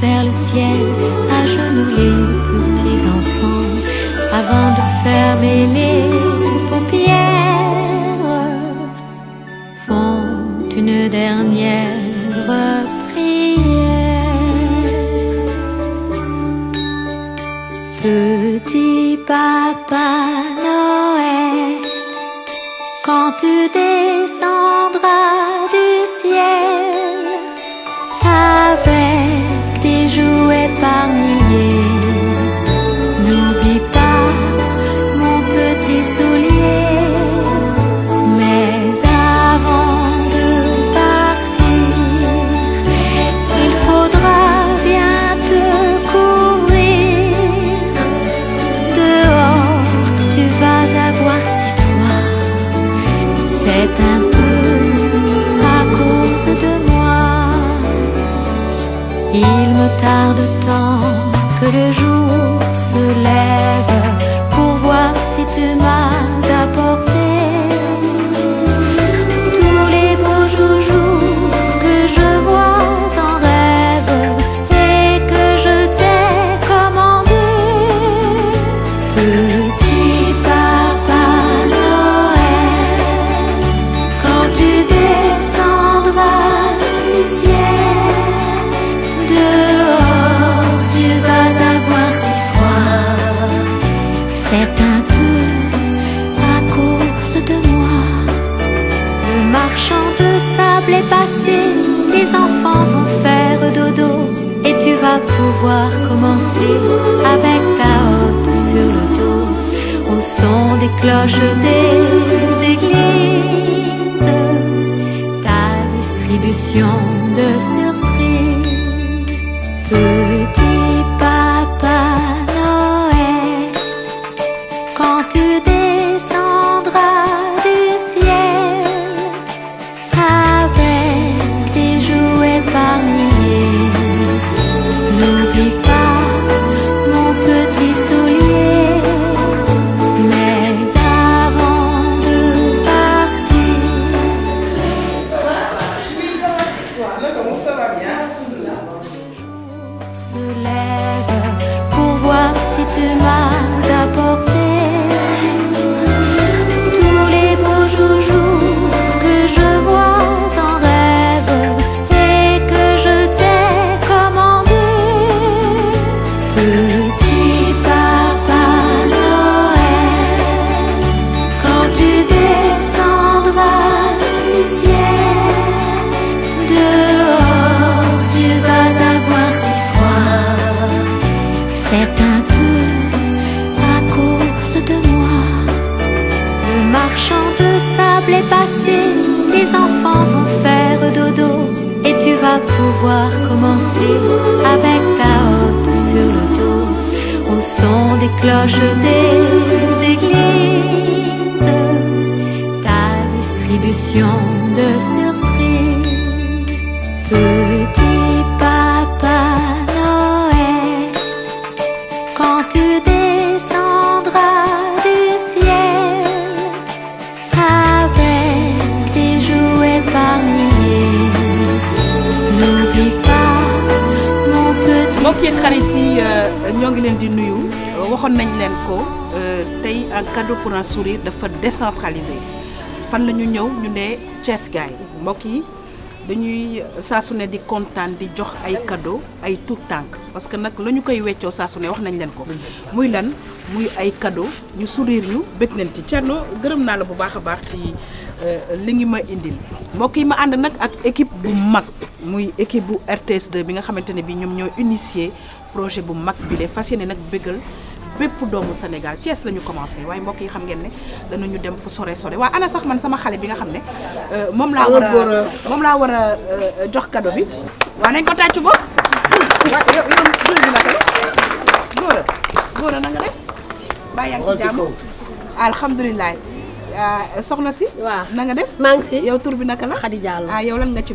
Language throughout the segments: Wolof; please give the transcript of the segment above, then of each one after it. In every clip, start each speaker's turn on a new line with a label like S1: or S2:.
S1: vers le ciel, les petits enfants, avant de fermer les paupières, font une dernière prière. Petit papa Noël, quand tu t'es moves the lever et tu vas pouvoir commencer avec ta hotte sur le dos au son des cloches des églises. Ta distribution cloche des églises, ta distribution de surprises. Petit papa Noël, quand tu descendras du ciel avec tes jouets familiers n'oublie pas mon petit. Mon qui du yi euh,
S2: di waxoon nañ leen ko euh, tey en cadeau pour un sourire dafa décentralisé fan la ñu ñëw ñu ne Thiès gaay mbokk yi dañuy saa ne di kontaan di jox ay cadeau ay tout tànk parce que nag la ñu koy weccoo saa su ne wax nañ leen ko. muy lan muy ay cadeau ñu sourire ñu bëgg nañ ci Thierno gërëm naa la bu baax a baax ci euh, li ngi ma indil. mbokk yi ma ànd nag ak équipe bu mag muy équipe bu RTS2 bi nga xamante ne bi ñoom ñoo initier projet bu mag bi de fas yéene nag bëggal. bépp doomu Sénégal Thiès la ñu commencé waaye mbokk yi xam ngeen ne ñu dem fu sore sore wa ana sax man sama xalé bi nga xam ne euh, mom la wara mom la wara euh, jox cadeau bi wa nañ ko tàccu bo ah, yow tur bi naka la góora góora na nga def bàyyi yaa ci jàmm alhamdulilah soxna si waaw na nga def maa ngi yow tur bi naka la ah yow lan nga ci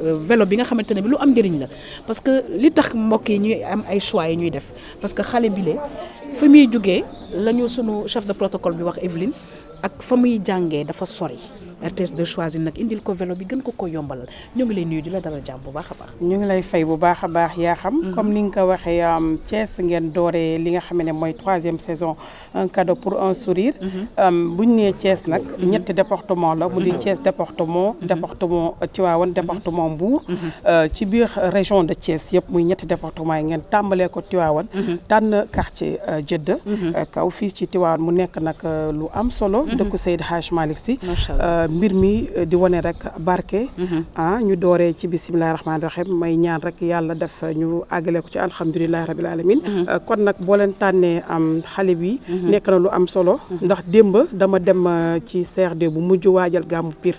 S2: vélo bi nga xamantene bi lu am jëriñ la parce que li tax mbokk yi ñuy am ay choix yi ñuy def parce que xale bi le fa muy jógee la ñu sunu chef de protocole bi wax Evelyne ak fa muy jàngee dafa sori. RTS de choisir nak indil ko vélo bi gën ko ko yombal ñu ngi lay nuyu di la dalal jàmm bu baax baax.
S3: ñu ngi lay fay bu baaxa baax ya xam. Mm-hmm. comme ni nga waxe am um, Thiès ngeen doré li nga xamé né moy 3 troisième saison un cadeau pour un sourire. euh buñ né Thiès nak mm-hmm. ñetti département la mu di mm-hmm. Thiès département. département Tivaouane département Mbour. Euh, ci biir région de Thiès yëpp muy ñetti département yi ngeen tàmbalee ko Tivaouane. tan quartier euh, Jeddah. Euh, kaw fi ci Tivaouane mu nekk nak lu am solo. dëkku Seydi Hadj Malick Sy. mbir mi eh, di wane rek barke mhm. ah ñu dooree ci bisimilahi rahmaani rahim may ñaan rek yàlla def ñu àggale ko ci alhamdulilahi rabil alamin mhm. eh, kon nag boo leen tànnee am xale bi mhm. nekk na lu am solo ndax démb dama dem eh, ci CRD bu mujj waajal gàmmu piir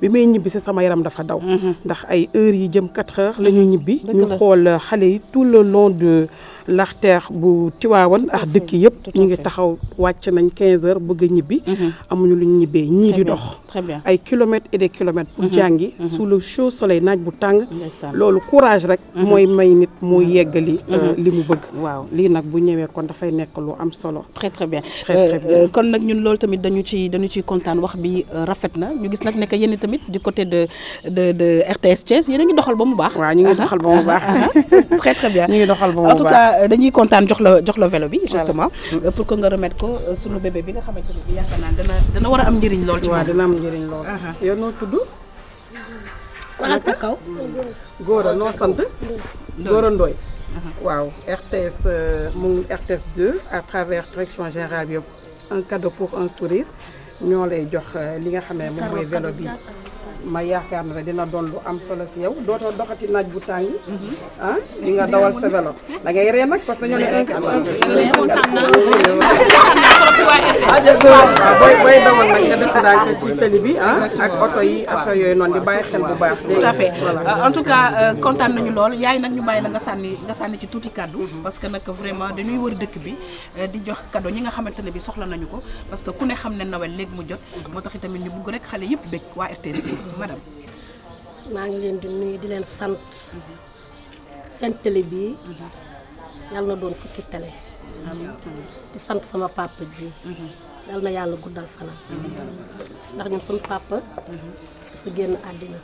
S3: bi may ñibbi si sama yaram dafa daw ndax ay heures yi jëm quatre heures la ñu ñibbi ñu xool xale yi tout le long de l'artère bu Tiwaawan ak ah, dëkk yëpp ñu ngi taxaw wacc nañ 15 heures bëgg ñibbi. Mhm. amuñu lu ñu ñi di dox. ay kilomètres et des kilomètres. pour mhm. jangi mhm. sous le chaud soleil naaj bu tàng. loolu courage rek. mooy may nit mu yeggali. Euh, li mu bëgg. waaw lii nag bu ñëwee kon dafay nekk lu am solo. très très bien euh, euh, kon nag ñun loolu tamit dañu ci dañu ciy kontaan
S2: wax bi rafet na ñu gis nag nekk yéen tamit du côté de de de RTS Thiès yéen a ngi doxal ba mu baax. waaw ñu ngi ah, ah. doxal ba mu baax. très très bien ñu ngi doxal ba mu baax dañuy contane jox la jox la vélo justement euh, pour que nga remettre ko euh, sunu bébé bi nga xamanteni bi dana dana war am njëriñ lool. ci waaw dana am
S3: njëriñ lool. Ah, ah. yow nous ah, waaw RTS RTS 2 à travers direction générale yëpp un cadeau pour un sourire. ñoo lay jox euh, li nga xam ne moom mooy velo bi ma yaakaar na dina doon lu am solo si yow dootoo doxati naaj bu tàng. Mhm. ah di nga dawal sa vélo da ngay ree nag parce que ñoo ne.
S1: waaw booy dawal nag nga
S3: def daal ci tali bi ah ak oto yi affaire yooyu noonu di bàyyi xel bu baax. tout à fait euh, en tout
S2: cas euh, kontaan nañu lool yaay nag ñu bàyyi la nga sànni nga sànni ci tuuti kàddu. parce que nag vraiment dañuy wër dëkk bi euh, di jox cadeau ñi nga xamante ne bi soxla nañu ko parce que ku ne xam ne Noël léegi mu jot. moo tax itamit ñu bugg rek xale yëpp bëgg waa RTS bi madame.
S3: maa ngi leen di nuyu di leen sant seen télé bii yàlla na doon fukki tele di sant sama papa ji. dal na yàlla guddal fanam ndax ñun suñu papa dafa génn àddina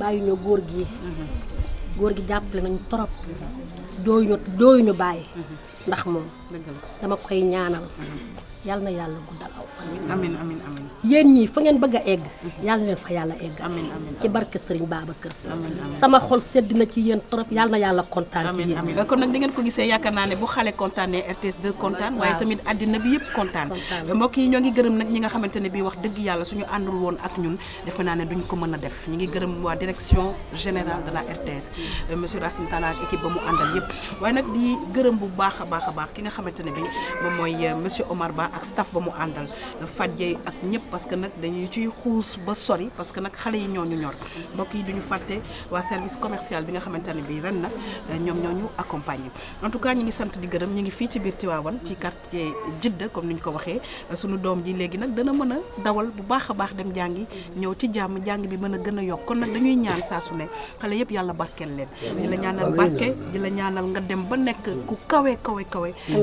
S3: bàyyi ñu góor gi góor gi jàppale nañu trop jooyu ñu jooyu ñu bàyyi ndax moom dama koy ñaanal yàlla na yàlla guddal aw fan. amiin amiin
S2: ngeen bëgg a egg. Mhm. yàlla na leen fa yàlla egg. amiin amiin ci barke Serigne Babacar Sy. sama xol sedd na ci yéen trop yàlla kontaan. kon nag di ngeen ko gisee yaakaar naa ne bu xale kontaanee RTS 2 kontaan. waaye tamit àddina bi yëpp kontaan. mbokk ñoo ngi gërëm nag ñi nga xamante ne bii wax dëgg yàlla suñu àndul woon ak ñun defe naa ne duñ ko mën a def ñu ngi gërëm waa direction générale de la RTS mm. euh, monsieur Racine Talla ak équipe ba mu àndal yëpp waaye nag di gërëm bu baax a baax a baax ki nga xamantene bi mom moy euh, monsieur Omar Ba ak staff ba mu andal euh, fadjé ak ñëpp parce que nak dañuy ciy xous ba sori parce que nak xalé yi ñoo ñu ñor mbokk yi duñu faté wa service commercial bi nga xamantene bi ren nak euh, ñom ñoo accompagner en tout cas ñi ngi sant di gëreum ñi ngi fi ci bir tiwawon ci quartier Jidda comme niñ ko waxé suñu dom ji légui nak dana mëna dawal bu baaxa baax dem jangi, ñew ci jamm jàng bi mëna gëna yok kon nak dañuy ñaan sa su ne xalé yëpp yalla barkeel leen di la ñaanal barké di la ñaanal nga dem ba nek ku kawé kawe kawe